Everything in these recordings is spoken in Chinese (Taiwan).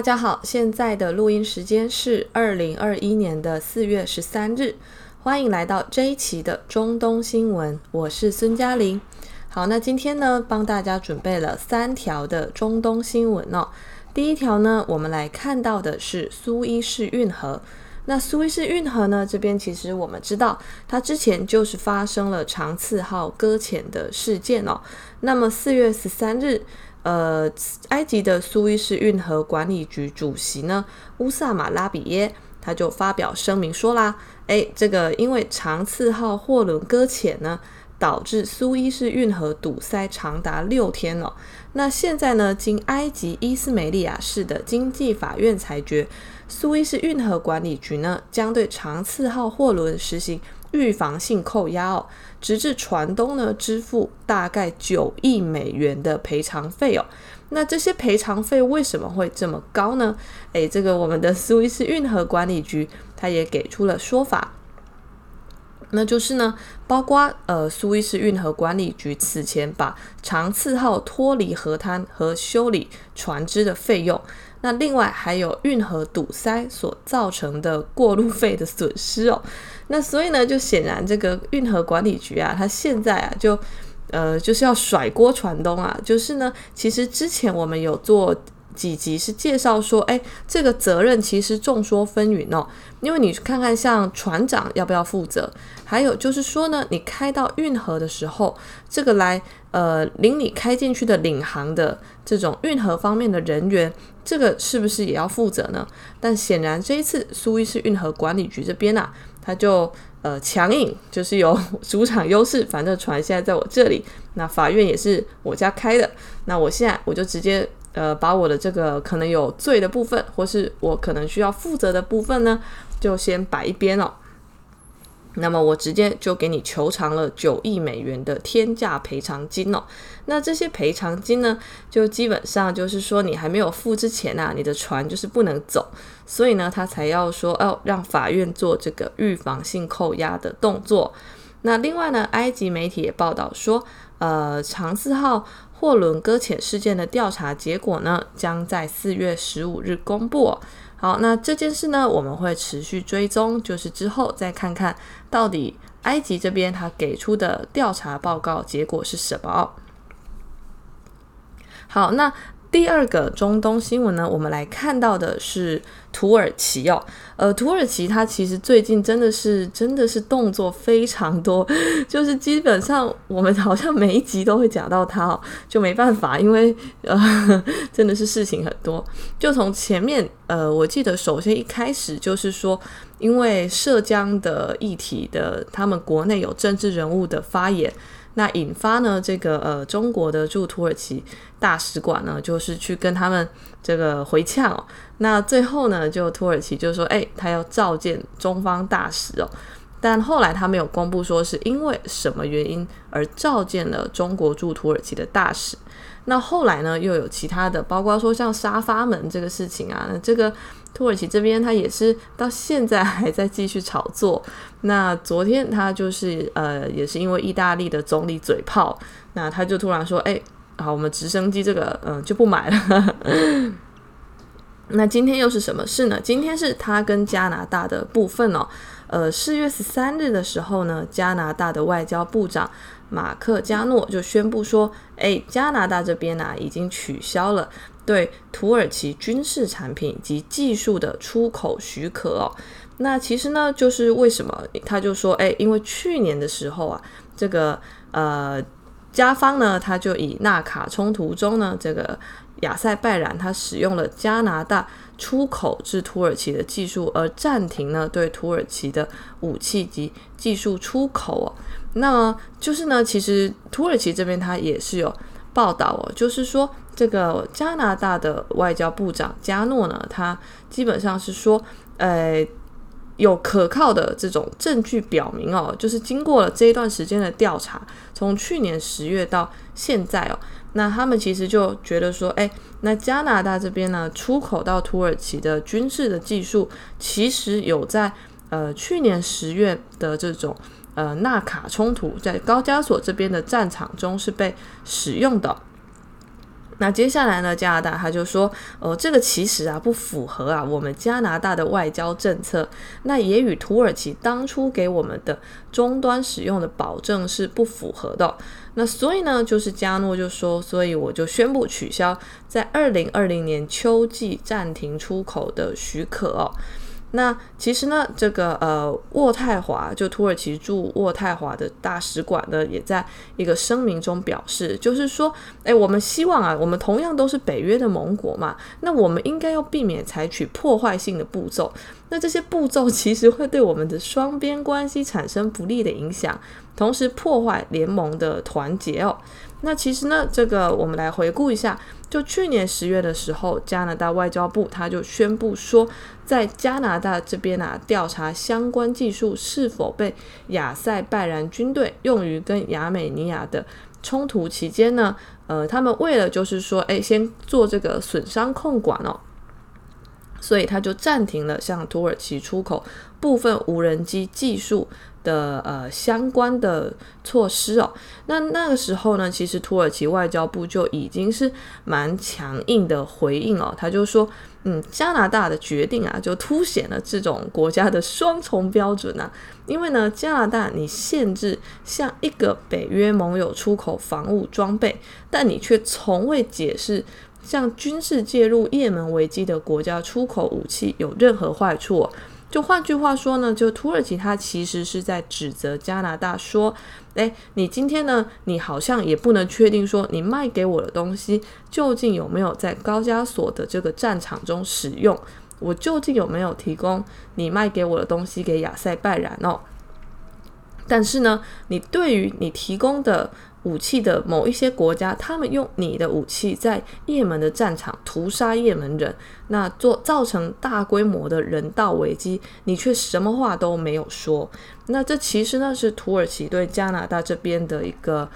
大家好，現在的錄音時間是二零二一年的四月十三日，歡迎來到這一期的中東新聞，我是孫嘉玲。好，那今天呢，幫大家準備了三條的中東新聞哦。第一條呢，我們來看到的是蘇伊士運河。那蘇伊士運河呢，這邊其實我們知道，它之前就是發生了長賜號擱淺的事件哦。那麼四月十三日。呃，埃及的蘇伊士運河管理局主席呢，烏薩馬拉比耶，他就發表聲明說啦，哎，這個因為長賜號貨輪擱淺呢，導致蘇伊士運河堵塞長達六天了哦。那現在呢，經埃及伊斯梅利亞市的經濟法院裁決，蘇伊士運河管理局呢，將對長賜號貨輪實行預防性扣押哦。直至船東呢，支付大概九億美元的賠償費用，那這些賠償費為什麼會這麼高呢？誒、欸，這個我們的蘇伊士運河管理局他也給出了說法，那就是呢，包括呃蘇伊士運河管理局此前把長賜號脫離河灘和修理船隻的費用，那另外還有運河堵塞所造成的過路費的損失哦、喔。那所以呢，就顯然這個運河管理局啊，它現在啊，就呃就是要甩鍋船東啊，就是呢，其實之前我們有做幾集是介紹說，誒，這個責任其實眾說紛紜哦，因為你看看像船長要不要負責，還有就是說呢，你開到運河的時候，這個來呃領你開進去的領航的這種運河方面的人員，這個是不是也要負責呢？但顯然這一次蘇伊士運河管理局這邊啊。他就呃強硬，就是有主場優勢。反正船現在在我這裡，那法院也是我家開的。那我現在我就直接呃把我的這個可能有罪的部分，或是我可能需要負責的部分呢，就先擺一邊哦。那麼我直接就給你求償了九億美元的天價賠償金哦。那這些賠償金呢，就基本上就是說你還沒有付之前吶、啊，你的船就是不能走，所以呢，他才要說哦，讓法院做這個預防性扣押的動作。那另外呢，埃及媒體也報道說，呃，長賜號貨輪擱淺事件的調查結果呢，將在四月十五日公布。好，那這件事呢，我們會持續追蹤，就是之後再看看到底埃及這邊他給出的調查報告結果是什麼。好，那第二個中東新聞呢，我們來看到的是土耳其哦。呃，土耳其它其實最近真的是真的是動作非常多，就是基本上我們好像每一集都會講到它，哦，就沒辦法，因為呃真的是事情很多。就從前面呃，我記得首先一開始就是說，因為涉疆的議題的，他們國內有政治人物的發言。那引發呢，這個呃，中國的駐土耳其大使館呢，就是去跟他們這個回嗆，哦。那最後呢，就土耳其就說，誒、欸，他要召見中方大使哦。但後來他沒有公布說是因為什麼原因而召見了中國駐土耳其的大使。那後來呢，又有其他的，包括說像沙發門這個事情啊，那這個土耳其這邊他也是到現在還在繼續炒作。那昨天他就是呃，也是因為意大利的總理嘴炮，那他就突然說：“欸，好，我們直升機這個嗯，就不買了。 ”那今天又是什麼事呢？今天是他跟加拿大的部分哦。呃，四月十三日的時候呢，加拿大的外交部長，馬克加諾就宣布說：“哎，加拿大這邊呢，啊，已經取消了對土耳其軍事產品及技術的出口許可哦。那其實呢，就是為什麼？他就說：哎，因為去年的時候啊，這個呃，加方呢，他就以納卡衝突中呢，這個亞塞拜然他使用了加拿大出口至土耳其的技術，而暫停了對土耳其的武器及技術出口哦。”那麼就是呢，其實土耳其這邊他也是有報道哦，就是說這個加拿大的外交部長加諾呢，他基本上是說，呃，有可靠的這種證據表明哦，就是經過了這一段時間的調查，從去年十月到現在哦，那他們其實就覺得說，哎，那加拿大這邊呢，出口到土耳其的軍事的技術，其實有在呃去年十月的這種。呃，納卡衝突在高加索這邊的戰場中是被使用的。那接下來呢，加拿大他就說，呃，這個其實啊不符合啊我們加拿大的外交政策，那也與土耳其當初給我們的終端使用的保證是不符合的。那所以呢，就是加諾就說，所以我就宣布取消在二零二零年秋季暫停出口的許可哦。那其實呢，這個呃，渥太華就土耳其駐渥太華的大使館呢，也在一個聲明中表示，就是說，誒，我們希望啊，我們同樣都是北約的盟國嘛，那我們應該要避免採取破壞性的步驟。那這些步驟其實會對我們的雙邊關係產生不利的影響，同時破壞聯盟的團結哦。那其實呢，這個我們來回顧一下，就去年十月的時候，加拿大外交部他就宣布說。在加拿大這邊啊，調查相關技術是否被亞塞拜然軍隊用於跟亞美尼亞的衝突期間呢？呃，他們為了就是說，誒、欸，先做這個損傷控管哦，所以他就暫停了向土耳其出口部分無人機技術的呃相關的措施哦。那那個時候呢，其實土耳其外交部就已經是蠻強硬的回應哦，他就說。嗯，加拿大的決定啊，就凸顯了這種國家的雙重標準吶、啊。因為呢，加拿大你限制向一個北約盟友出口防務裝備，但你卻從未解釋向軍事介入也門危機的國家出口武器有任何壞處、啊。就換句話說呢，就土耳其它其實是在指責加拿大說，誒，你今天呢，你好像也不能確定說你賣給我的東西究竟有沒有在高加索的這個戰場中使用，我究竟有沒有提供你賣給我的東西給亞塞拜然哦？但是呢，你對於你提供的。武器的某一些國家，他們用你的武器在也門的戰場屠殺也門人，那做造成大規模的人道危機，你卻什麼話都沒有說，那這其實呢是土耳其對加拿大這邊的一個。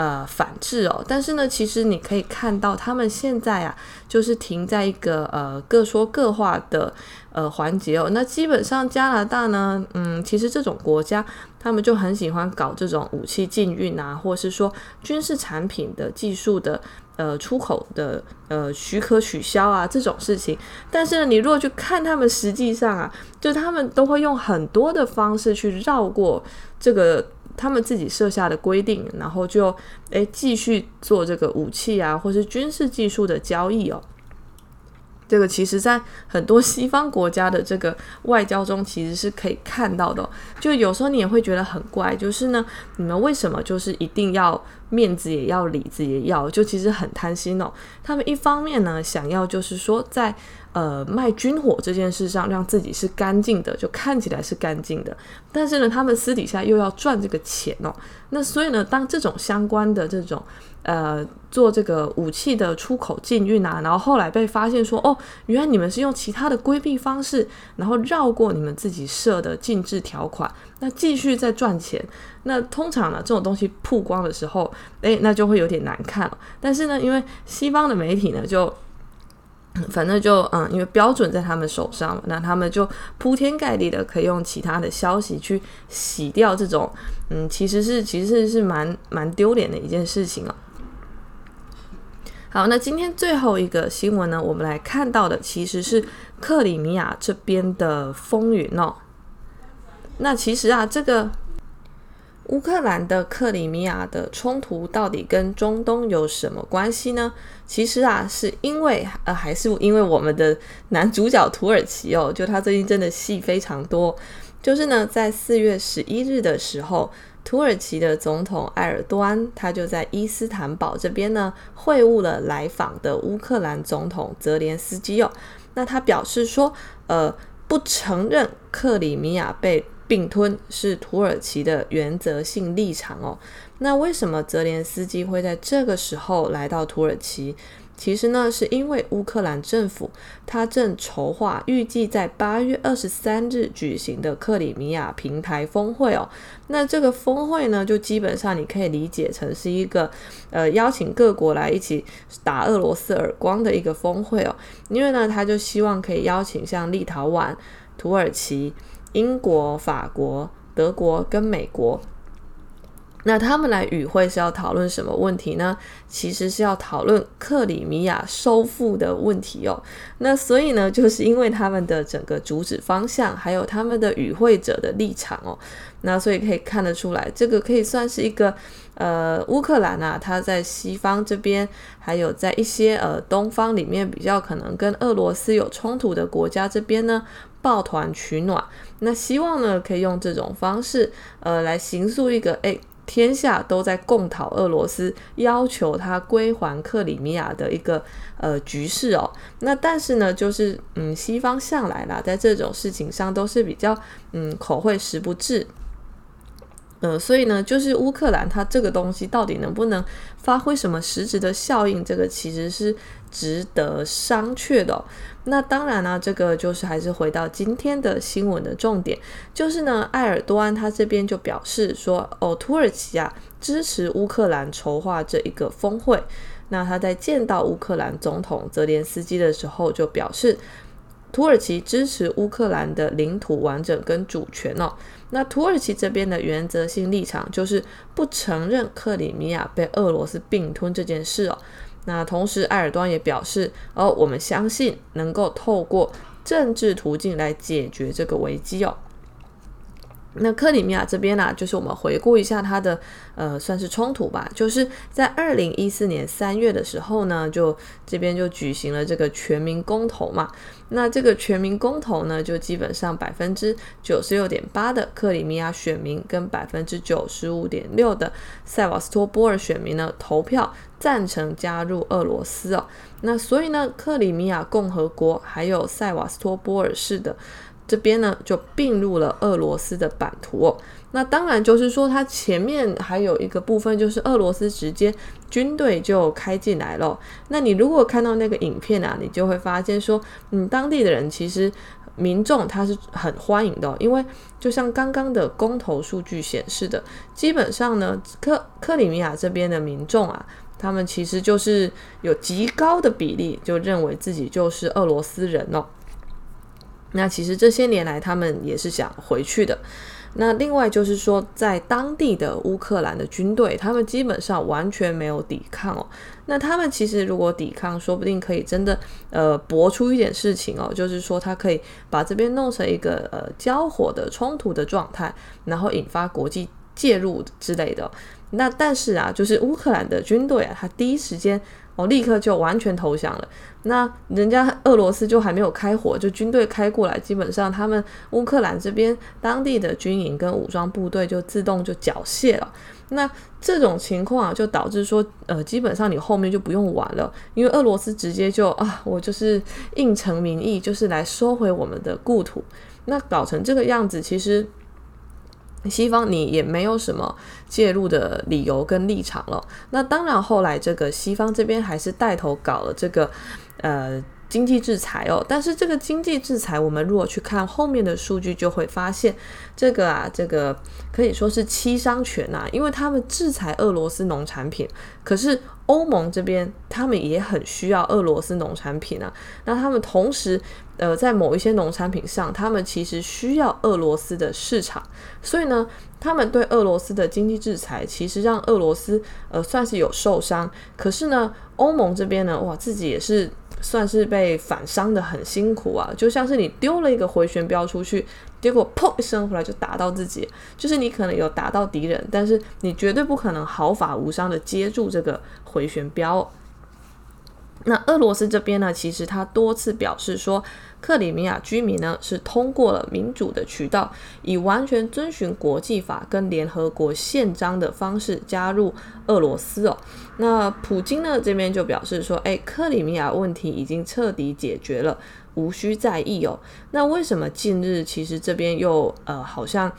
呃，反制哦，但是呢，其實你可以看到，他們現在啊，就是停在一個呃各說各話的呃環節哦。那基本上加拿大呢，嗯，其實這種國家，他們就很喜歡搞這種武器禁運啊，或者是說軍事產品的技術的呃出口的呃許可取消啊這種事情。但是呢，你如果去看他們，實際上啊，就他們都會用很多的方式去繞過這個。他們自己設下的規定，然後就誒繼續做這個武器啊，或是軍事技術的交易哦。這個其實，在很多西方國家的這個外交中，其實是可以看到的哦。就有時候你也會覺得很怪，就是呢，你們為什麼就是一定要？面子也要，裡子也要，就其實很貪心哦。他們一方面呢，想要就是說在呃賣軍火這件事上讓自己是乾淨的，就看起來是乾淨的。但是呢，他們私底下又要賺這個錢哦。那所以呢，當這種相關的這種呃做這個武器的出口禁運啊，然後後來被發現說哦，原來你們是用其他的規避方式，然後繞過你們自己設的禁制條款，那繼續再賺錢。那通常呢，這種東西曝光的時候，哎，那就會有點難看了。但是呢，因為西方的媒體呢，就反正就嗯，因為標準在他們手上，那他們就鋪天蓋地的可以用其他的消息去洗掉這種，嗯，其實是其實是蠻蠻丟臉的一件事情哦。好，那今天最後一個新聞呢，我們來看到的其實是克里米亞這邊的風雲哦。那其實啊，這個。烏克蘭的克里米亞的衝突到底跟中東有什麼關係呢？其實啊，是因為呃，還是因為我們的男主角土耳其哦，就他最近真的戲非常多。就是呢，在四月十一日的時候，土耳其的總統埃爾多安他就在伊斯坦堡這邊呢會晤了來訪的烏克蘭總統澤連斯基哦。那他表示說，呃，不承認克里米亞被。併吞是土耳其的原則性立場哦。那為什麼澤連斯基會在這個時候來到土耳其？其實呢，是因為烏克蘭政府他正籌劃預計在八月二十三日舉行的克里米亞平台峰會哦。那這個峰會呢，就基本上你可以理解成是一個呃，邀請各國來一起打俄羅斯耳光的一個峰會哦。因為呢，他就希望可以邀請像立陶宛、土耳其。英國、法國、德國跟美國，那他們來與會是要討論什麼問題呢？其實是要討論克里米亞收復的問題哦。那所以呢，就是因為他們的整個主旨方向，還有他們的與會者的立場哦。那所以可以看得出來，這個可以算是一個呃，烏克蘭啊，它在西方這邊，還有在一些呃東方裡面比較可能跟俄羅斯有衝突的國家這邊呢，抱團取暖。那希望呢，可以用這種方式，呃，來形塑一個，哎，天下都在共討俄羅斯，要求他歸還克里米亞的一個呃局勢哦。那但是呢，就是嗯，西方向來啦，在這種事情上都是比較嗯，口惠實不至。呃，所以呢，就是烏克蘭它這個東西到底能不能發揮什麼實質的效應，這個其實是值得商榷的哦。那當然呢，啊，這個就是還是回到今天的新聞的重點，就是呢，埃爾多安他這邊就表示說，哦，土耳其啊支持烏克蘭籌劃這一個峰會。那他在見到烏克蘭總統澤連斯基的時候，就表示土耳其支持烏克蘭的領土完整跟主權哦。那土耳其這邊的原則性立場就是不承認克里米亞被俄羅斯併吞這件事哦。那同時，埃爾多安也表示，哦，我們相信能夠透過政治途徑來解決這個危機哦。那克里米亞這邊呢，啊，就是我們回顧一下它的，呃，算是衝突吧，就是在二零一四年三月的時候呢，就這邊就舉行了這個全民公投嘛。那這個全民公投呢，就基本上百分之九十六點八的克里米亞選民跟百分之九十五點六的塞瓦斯托波爾選民呢，投票贊成加入俄羅斯哦。那所以呢，克里米亞共和國還有塞瓦斯托波爾市的。這邊呢，就併入了俄羅斯的版圖哦，那當然就是說，它前面還有一個部分，就是俄羅斯直接軍隊就開進來了哦。那你如果看到那個影片啊，你就會發現說，嗯，當地的人其實民眾他是很歡迎的哦，因為就像剛剛的公投數據顯示的，基本上呢，克克里米亞這邊的民眾啊，他們其實就是有極高的比例就認為自己就是俄羅斯人哦。那其實這些年來，他們也是想回去的。那另外就是說，在當地的烏克蘭的軍隊，他們基本上完全沒有抵抗哦。那他們其實如果抵抗，說不定可以真的呃搏出一點事情哦，就是說他可以把這邊弄成一個呃交火的衝突的狀態，然後引發國際介入之類的哦。那但是啊，就是烏克蘭的軍隊啊，他第一時間。我立刻就完全投降了。那人家俄羅斯就還沒有開火，就軍隊開過來，基本上他們烏克蘭這邊當地的軍營跟武裝部隊就自動就繳械了。那這種情況啊，就導致說，呃，基本上你後面就不用玩了，因為俄羅斯直接就啊，我就是應承民意，就是來收回我們的故土。那搞成這個樣子，其實。西方你也沒有什麼介入的理由跟立場了。那當然，後來這個西方這邊還是帶頭搞了這個呃經濟制裁哦。但是這個經濟制裁，我們如果去看後面的數據，就會發現這個啊，這個可以說是七傷拳啊，因為他們制裁俄羅斯農產品，可是。歐盟這邊，他們也很需要俄羅斯農產品啊。那他們同時，呃，在某一些農產品上，他們其實需要俄羅斯的市場。所以呢，他們對俄羅斯的經濟制裁，其實讓俄羅斯呃算是有受傷。可是呢，歐盟這邊呢，哇，自己也是算是被反傷得很辛苦啊。就像是你丟了一個回旋鏢出去。結果砰一聲回來，就打到自己，就是你可能有打到敵人，但是你絕對不可能毫髮無傷的接住這個回旋鏢。那俄羅斯這邊呢，其實他多次表示說，克里米亞居民呢是通過了民主的渠道，以完全遵循國際法跟聯合國憲章的方式加入俄羅斯哦。那普京呢這邊就表示說：“誒，克里米亞問題已經徹底解決了，無需在意哦。”那為什麼近日其實這邊又呃好像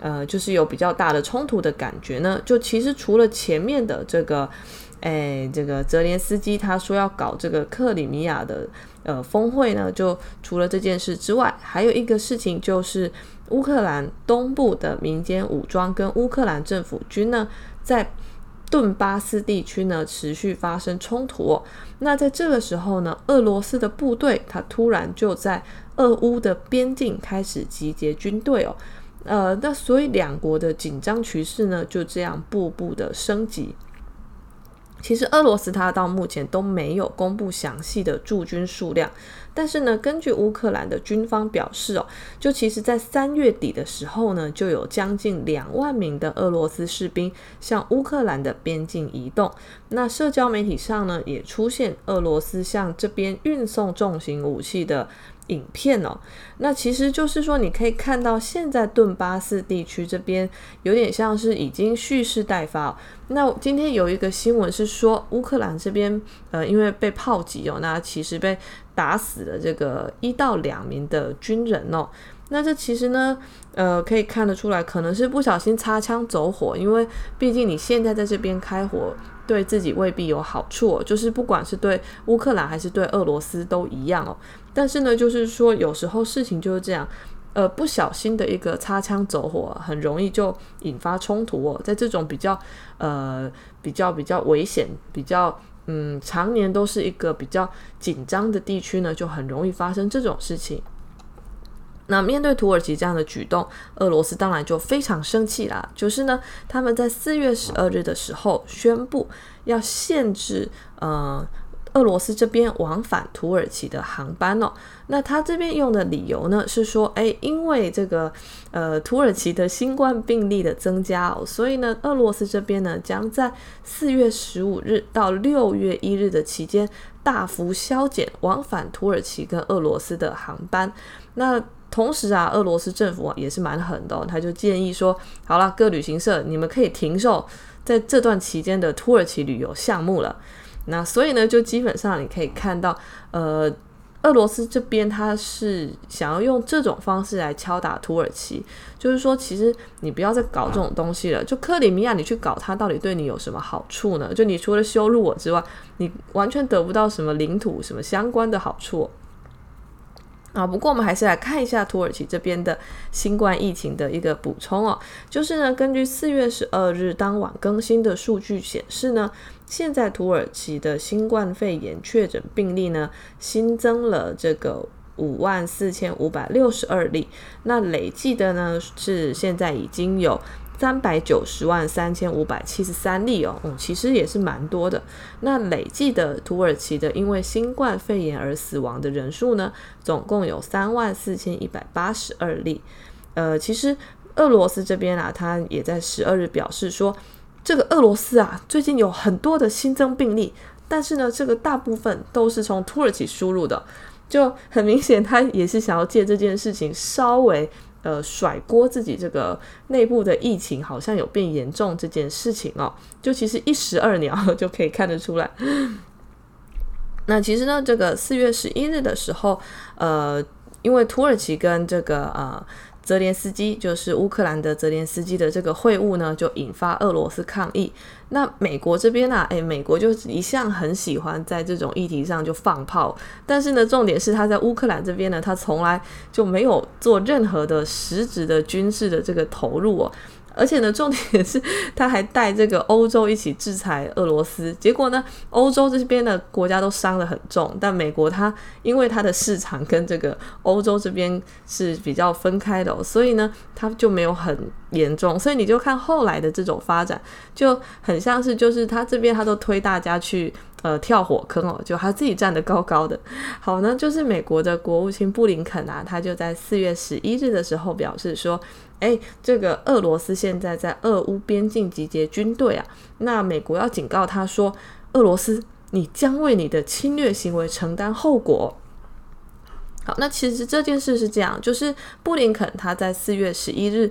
呃就是有比較大的衝突的感覺呢？就其實除了前面的這個，誒，這個澤連斯基他說要搞這個克里米亞的。呃，峰會呢，就除了這件事之外，還有一個事情就是烏克蘭東部的民間武裝跟烏克蘭政府軍呢，在頓巴斯地區呢持續發生衝突哦。那在這個時候呢，俄羅斯的部隊它突然就在俄烏的邊境開始集結軍隊哦。呃，那所以兩國的緊張局勢呢，就這樣步步的升級。其實俄羅斯它到目前都沒有公布詳細的駐軍數量，但是呢，根據烏克蘭的軍方表示哦，就其實在三月底的時候呢，就有將近兩萬名的俄羅斯士兵向烏克蘭的邊境移動。那社交媒體上呢，也出現俄羅斯向這邊運送重型武器的影片哦，那其實就是說，你可以看到現在頓巴斯地區這邊有點像是已經蓄勢待發哦。那今天有一個新聞是說，烏克蘭這邊呃，因為被炮擊哦，那其實被打死的這個一到兩名的軍人哦，那這其實呢，呃，可以看得出來，可能是不小心擦槍走火，因為畢竟你現在在這邊開火，對自己未必有好處哦，就是不管是對烏克蘭還是對俄羅斯都一樣哦。但是呢，就是說有時候事情就是這樣，呃，不小心的一個擦槍走火，很容易就引發衝突哦。在這種比較呃比較比較危險、比較嗯常年都是一個比較緊張的地區呢，就很容易發生這種事情。那面對土耳其這樣的舉動，俄羅斯當然就非常生氣啦。就是呢，他們在四月十二日的時候宣布要限制，呃。俄羅斯這邊往返土耳其的航班哦，那他這邊用的理由呢是說，哎，因為這個呃土耳其的新冠病例的增加哦，所以呢，俄羅斯這邊呢將在四月十五日到六月一日的期間大幅削減往返土耳其跟俄羅斯的航班。那同時啊，俄羅斯政府啊，也是蠻狠的哦，他就建議說，好啦，各旅行社你們可以停售在這段期間的土耳其旅遊項目了。那所以呢，就基本上你可以看到，呃，俄羅斯這邊他是想要用這種方式來敲打土耳其，就是說，其實你不要再搞這種東西了。就克里米亞，你去搞它，到底對你有什麼好處呢？就你除了羞辱我之外，你完全得不到什麼領土、什麼相關的好處。啊，不過我們還是來看一下土耳其這邊的新冠疫情的一個補充哦，就是呢，根據四月十二日當晚更新的數據顯示呢，現在土耳其的新冠肺炎確診病例呢，新增了這個五萬四千五百六十二例，那累計的呢，是現在已經有。三百九十萬三千五百七十三例哦，嗯，其實也是蠻多的。那累計的土耳其的因為新冠肺炎而死亡的人數呢，總共有三萬四千一百八十二例。呃，其實俄羅斯這邊啊，他也在十二日表示說，這個俄羅斯啊，最近有很多的新增病例，但是呢，這個大部分都是從土耳其輸入的，就很明顯，他也是想要借這件事情稍微。呃，甩鍋自己這個內部的疫情好像有變嚴重這件事情哦，就其實一石二鳥就可以看得出來。那其實呢，這個四月十一日的時候，呃，因為土耳其跟這個呃澤連斯基，就是烏克蘭的澤連斯基的這個會晤呢，就引發俄羅斯抗議。那美國這邊呢？誒，美國就一向很喜歡在這種議題上就放炮，但是呢，重點是他在烏克蘭這邊呢，他從來就沒有做任何的實質的軍事的這個投入哦。而且呢，重點是他還帶這個歐洲一起制裁俄羅斯，結果呢，歐洲這邊的國家都傷得很重，但美國它因為它的市場跟這個歐洲這邊是比較分開的哦，所以呢，它就沒有很嚴重。所以你就看後來的這種發展，就很像是就是他這邊他都推大家去呃跳火坑哦，就他自己站得高高的。好呢，就是美國的國務卿布林肯啊，他就在四月十一日的時候表示說。誒，這個俄羅斯現在在俄烏邊境集結軍隊啊，那美國要警告他說，俄羅斯，你將為你的侵略行為承擔後果。好，那其實這件事是這樣，就是布林肯他在四月十一日，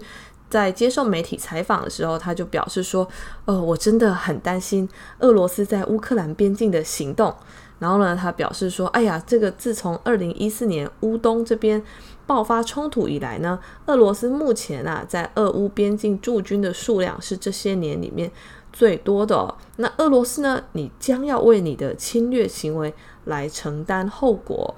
在接受媒體採訪的時候，他就表示說，哦、呃，我真的很擔心俄羅斯在烏克蘭邊境的行動。然後呢，他表示說：“哎呀，這個自從二零一四年，烏東這邊爆發衝突以來呢，俄羅斯目前啊在俄烏邊境駐軍的數量是這些年裡面最多的哦。那俄羅斯呢，你將要為你的侵略行為來承擔後果。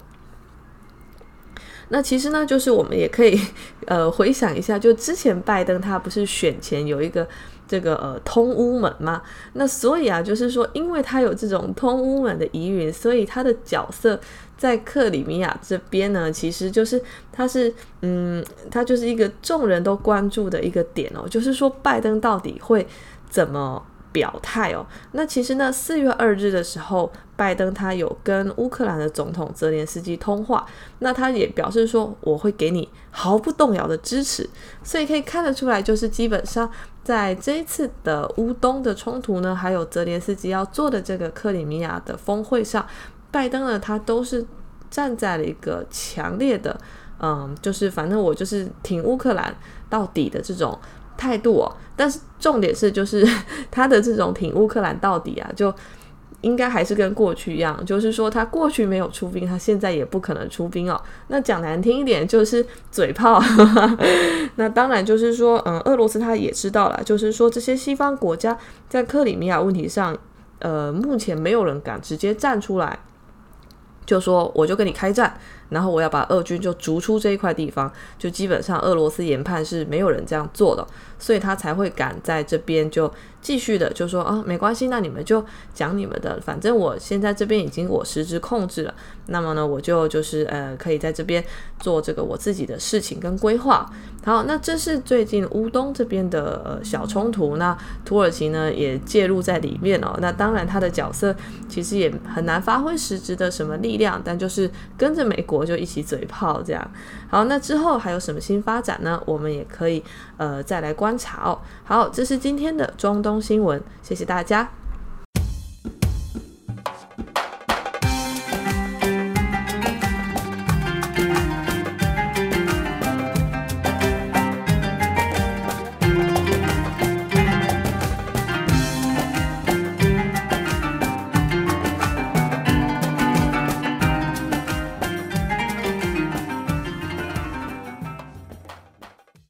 那其實呢，就是我們也可以呃回想一下，就之前拜登他不是選前有一個。”這個呃，通烏門嘛，那所以啊，就是說，因為他有這種通烏門的疑雲，所以他的角色在克里米亞這邊呢，其實就是他是，嗯，他就是一個眾人都關注的一個點哦，就是說，拜登到底會怎麼表態哦？那其實呢，四月二日的時候，拜登他有跟烏克蘭的總統澤連斯基通話，那他也表示說，我會給你毫不動搖的支持，所以可以看得出來，就是基本上。在這一次的烏東的衝突呢，還有澤連斯基要做的這個克里米亞的峰會上，拜登呢，他都是站在了一個強烈的，嗯，就是反正我就是挺烏克蘭到底的這種態度哦。但是重點是，就是他的這種挺烏克蘭到底啊，就。應該還是跟過去一樣，就是說他過去沒有出兵，他現在也不可能出兵哦。那講難聽一點就是嘴炮。 那當然就是說，嗯，俄羅斯他也知道啦，就是說這些西方國家在克里米亞問題上，呃，目前沒有人敢直接站出來，就說我就跟你開戰，然後我要把俄軍就逐出這一塊地方，就基本上俄羅斯研判是沒有人這樣做的。所以他才會敢在這邊就繼續的就說啊、哦，沒關係，那你們就講你們的，反正我現在這邊已經我實質控制了。那麼呢，我就就是呃，可以在這邊做這個我自己的事情跟規劃。好，那這是最近烏東這邊的呃小衝突，那土耳其呢也介入在裡面哦。那當然他的角色其實也很難發揮實質的什麼力量，但就是跟着美國就一起嘴炮這樣。好，那之後還有什麼新發展呢？我們也可以呃再來觀察。觀察哦，好，這是今天的中東新聞，謝謝大家。